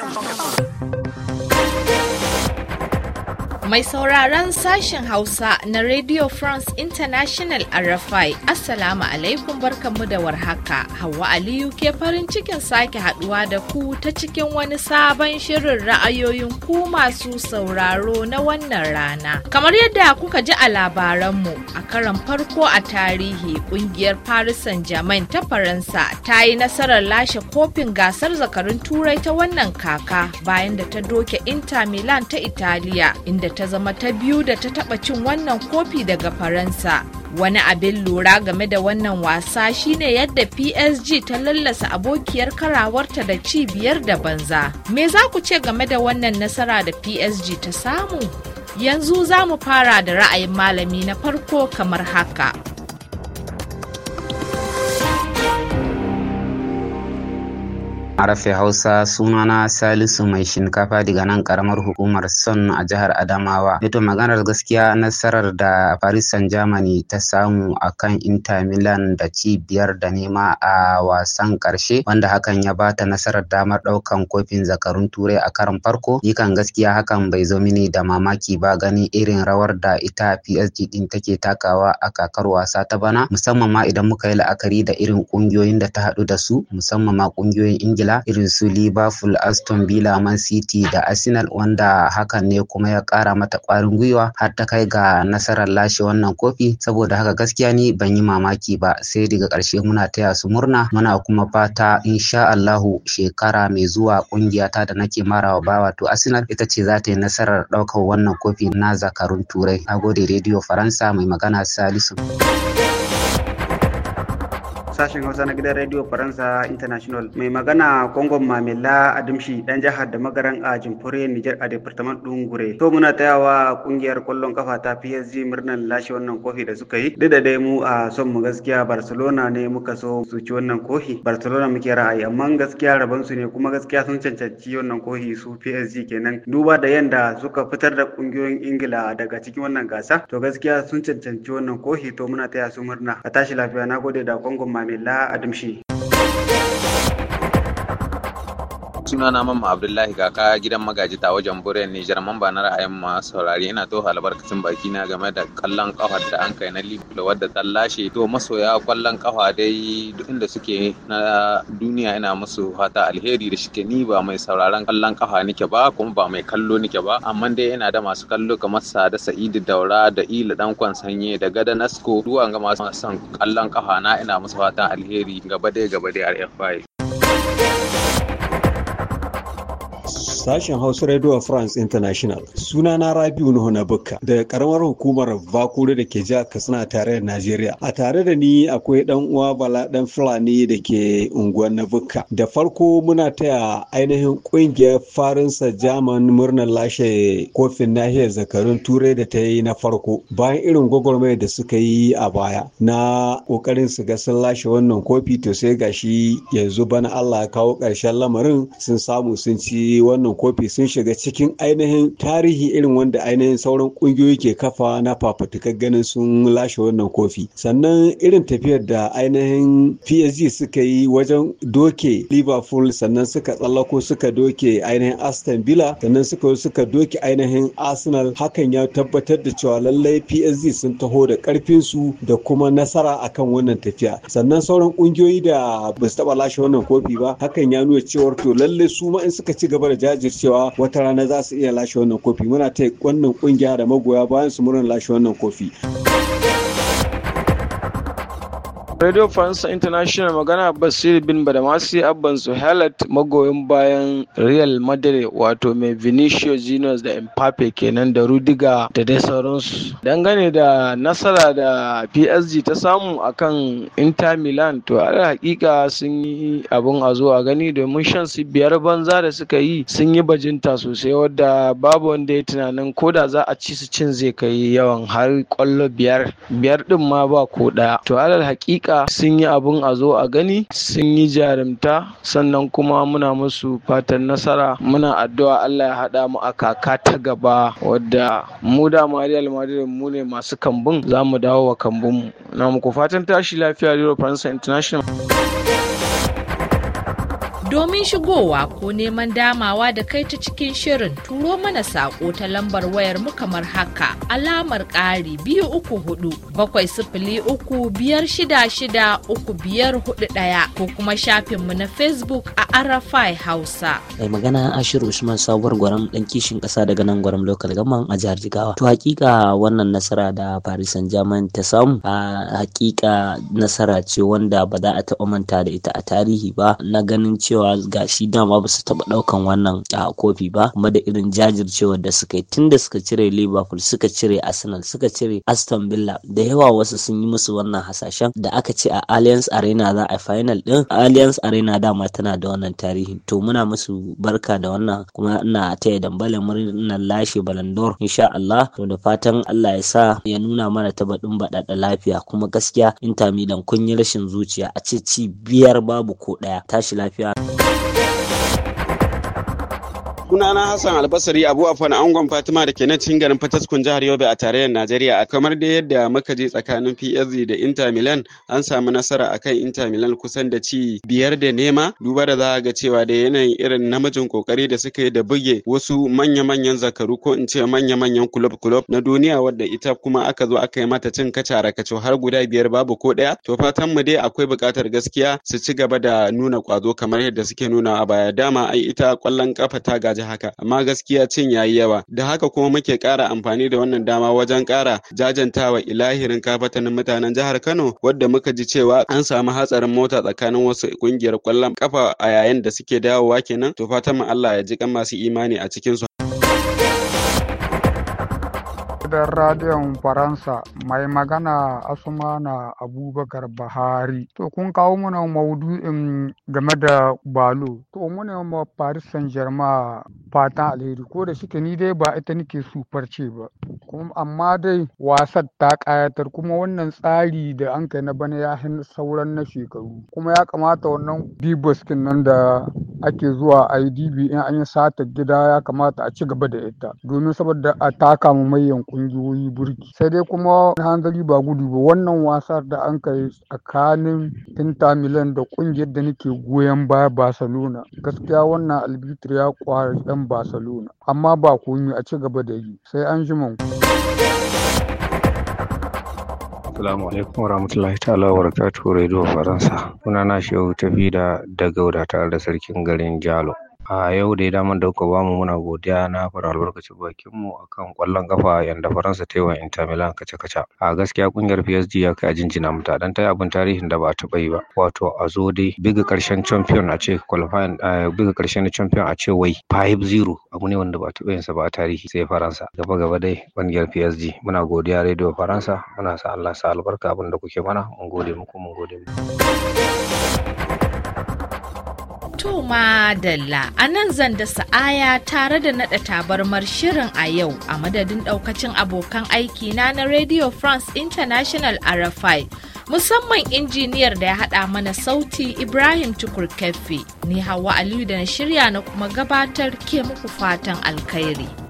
啊。Mai sauraron sashen Hausa na Radio France International a rafai, Assalamu alaikum barkanmu da warhaka. Hauwa Aliyu ke farin cikin sake haduwa da ku ta cikin wani sabon shirin ra'ayoyin ku masu sauraro na wannan rana. Kamar yadda kuka ji a labaranmu a karan farko a tarihi kungiyar Paris Saint-Germain ta Faransa ta yi nasarar lashe kofin gasar zakarun turai ta wannan kaka bayan da ta doke Inter Milan ta Italiya inda ta zama ta biyu da ta taɓa cin wannan kofi daga Faransa. Wani abin lura game da wannan wasa shine yadda PSG ta lallasa abokiyar karawarta da ci biyar da banza. Me za ku ce game da wannan nasara da PSG ta samu? Yanzu za mu fara da ra'ayin malami na farko kamar haka. Arafe Hausa sunana Salisu mai shinkafa daga nan karamar hukumar Son a jihar Adamawa. Ito maganar gaskiya nasarar da Paris Saint Germany ta samu a kan Inter Milan da ci biyar da nema a wasan karshe wanda hakan ya bata nasarar damar ɗaukan kofin zakarun turai a karon farko. Yikan gaskiya hakan bai zo mini da mamaki ba gani irin rawar da ita PSG din take takawa a kakar wasa ta bana musamman ma idan muka yi la'akari da irin kungiyoyin da ta haɗu da su musamman ma kungiyoyin Ingila ingila irin su liverpool aston villa man city da arsenal wanda hakan ne kuma ya kara mata kwarin gwiwa har ta kai ga nasarar lashe wannan kofi saboda haka gaskiya ni ban yi mamaki ba sai daga ƙarshe muna taya su murna muna kuma fata insha Allahu shekara mai zuwa kungiya ta da nake marawa ba wato Arsenal ita ce za ta yi nasarar ɗaukar wannan kofi na zakarun turai. Nagode Radio Faransa mai magana Salisu. sashen Hausa na gidan Radio Faransa International. Mai magana Kongon Mamela Adamshi dan jihar da magaran a Jimfure Niger a Departement ɗin Gure. To muna tayawa kungiyar kwallon kafa ta PSG murnan lashe wannan kofi da suka yi. Duk da dai mu a son mu gaskiya Barcelona ne muka so su ci wannan kofi. Barcelona muke ra'ayi amma gaskiya rabon su ne kuma gaskiya sun cancanci wannan kofi su PSG kenan. Duba da yanda suka fitar da kungiyoyin Ingila daga cikin wannan gasa. To gaskiya sun cancanci wannan kofi to muna taya su murna. A tashi lafiya na gode da Kongon Amilla Adamshi. Suna na mamma abdullahi kaka gidan magaji ta wajen buren nijar mamba na ra'ayin ma saurari ina to albarkacin baki na game da kallon kafa da an kai na liverpool wadda ta to masoya kwallon kafa dai duk inda suke na duniya ina musu fata alheri da shike ni ba mai sauraron kallon kafa nike ba kuma ba mai kallo nike ba amma dai ina da masu kallo kamar sada sa'idu daura da ila dankon sanye da gada nasko duwan ga masu son kallon kafa na ina musu fatan alheri gaba dai gaba dai rfi Sashen Hausa Radio France International. suna na Rabiu Nuhu na Bukka da karamar hukumar Bakure da ke jihar Katsina tare da Najeriya. A tare da ni akwai dan uwa Bala dan Fulani da ke unguwar na Bukka. Da farko muna taya ainihin kungiyar Faransa German murnar lashe kofin nahiyar zakarun Turai da ta yi na farko bayan irin gwagwarmayar da suka yi a baya na kokarin su ga sun lashe wannan kofi to sai gashi yanzu bana Allah kawo ƙarshen lamarin sun samu sun ci wannan kofi sun shiga cikin ainihin tarihi irin wanda ainihin sauran kungiyoyi ke kafa na fafutukar ganin sun lashe wannan kofi sannan irin tafiyar da ainihin psg suka yi wajen doke liverpool sannan suka tsallako suka doke ainihin aston villa sannan suka suka doke ainihin arsenal hakan ya tabbatar da cewa lallai psg sun taho da karfinsu da kuma nasara akan wannan tafiya sannan sauran kungiyoyi da ba su taba lashe wannan kofi ba hakan ya nuna cewar to lallai su ma in suka ci gaba da jaji cewa wata rana za su iya lashe wannan kofi muna ta wannan kungiya da magoya bayan su murnar lashe wannan kofi. Radio France International magana Basir bin Badamasi Abban Suhalat magoyin bayan Real Madrid wato mai Vinicius Juniors da Mbappe kenan da Rudiga da dai sauransu. Dangane da nasara da PSG ta samu akan Inter Milan to a hakika sun yi abun a zo a gani domin shan su biyar banza da suka yi sun yi bajinta sosai wadda babu wanda ya tunanin ko da za a ci su cin zai kai yawan har kwallo biyar biyar din ma ba ko daya. To alal hakika hakika sun yi abun a zo a gani sun yi jarumta sannan kuma muna musu fatan nasara muna addu'a Allah ya haɗa mu a kaka ta gaba wadda mu da Real mu ne masu kambun za mu dawo wa kambun mu na muku fatan tashi lafiya Euro France International domin shigowa ko neman damawa da kai ta cikin shirin turo mana saƙo ta lambar wayar mu kamar haka alamar ƙari biyu uku hudu bakwai sifili uku biyar shida shida uku biyar hudu ɗaya ko kuma shafinmu na facebook a arafai hausa. mai magana ashiru usman sabuwar gwaram ɗan kishin ƙasa daga nan gwaram lokal gaman a jihar jigawa to hakika wannan nasara da paris saint germain ta samu a hakika nasara ce wanda ba za a taɓa manta da ita a tarihi ba na ganin cewa cewa ga shi dama ba su taɓa ɗaukan wannan a kofi ba kuma da irin jajircewar da suka yi tun da suka cire liverpool suka cire arsenal suka cire aston villa da yawa wasu sun yi musu wannan hasashen da aka ce a allianz arena za a final din allianz arena dama tana da wannan tarihi to muna musu barka da wannan kuma ina taya dambala murnar lashe balandor insha Allah to da fatan Allah ya sa ya nuna mana ta baɗin baɗaɗa lafiya kuma gaskiya inter milan kun yi rashin zuciya a ce ci biyar babu ko ɗaya tashi lafiya you. na Hassan Albasari Abu fana Angon Fatima da ke nan cikin garin Fataskun jihar Yobe a tarayyar Najeriya a kamar da yadda muka je tsakanin PSG da Inter Milan an samu nasara akan Inter Milan kusan da ci biyar da nema duba da za ga cewa da yanayin irin namijin kokari da suka yi da buge wasu manya-manyan zakaru ko in ce manya-manyan kulob-kulob na duniya wadda ita kuma aka zo aka yi mata cin kacara kaco har guda biyar babu ko ɗaya to fatan mu dai akwai buƙatar gaskiya su ci gaba da nuna kwazo kamar yadda suke nuna a baya dama ai ita kwallon kafa ta ji haka amma gaskiya cin yayi yawa da haka kuma muke ƙara amfani da wannan dama wajen ƙara jajantawa ilahirin kafatanin mutanen jihar Kano wadda muka ji cewa an samu hatsarin mota tsakanin wasu ƙungiyar ƙwallon kafa a yayin da suke dawowa kenan to fatan Allah ya ji kan masu imani a cikin su gidan radiyon Faransa mai magana Asumana Abubakar Bahari. To kun kawo muna maudu'in game da balo. To muna ma Paris Saint-Germain fatan alheri ko da shike ni dai ba ita nake sufarce ce ba. amma dai wasan ta kayatar kuma wannan tsari da an kai na bana ya sauran na shekaru kuma ya kamata wannan diboskin nan da ake zuwa a in an yi sata gida ya kamata a ci gaba da ita domin saboda a taka mu mai yankun kungiyoyi burki sai dai kuma hanzari ba gudu ba wannan wasar da an kai tsakanin inter milan da kungiyar da nake goyon baya barcelona gaskiya wannan albitar ya kwara dan barcelona amma ba komi a ci gaba da yi sai an ji man Assalamu alaikum wa rahmatullahi ta'ala wa barakatuhu Radio Faransa. Kuna na shehu tafi da da gauda tare da sarkin garin Jalo. A yau dai daman da kuka bamu muna godiya na fara albarkacin bakinmu akan ƙwallon kafa yanda Faransa ta yi wa Inter Milan kaca-kaca. A gaskiya ƙungiyar PSG ya kai a jinjina mata don ta yi abin tarihin da ba a taɓa yi ba. Wato a zo dai buga ƙarshen champion a ce qualifying buga ƙarshen na champion a ce wai 5-0 abu ne wanda ba a taɓa yinsa ba a tarihi sai Faransa. Gaba gaba dai ƙungiyar PSG muna godiya Radio Faransa muna sa Allah sa albarka abin da kuke mana mun gode muku mun gode muku. To madalla a nan zan da sa'aya tare da naɗa tabarmar shirin a yau a madadin ɗaukacin abokan aiki na na Radio France International RFI. Musamman injiniyar da ya haɗa mana sauti Ibrahim Tukur Ni Hawa Aliyu da na shirya na kuma gabatar ke muku fatan alkhairi.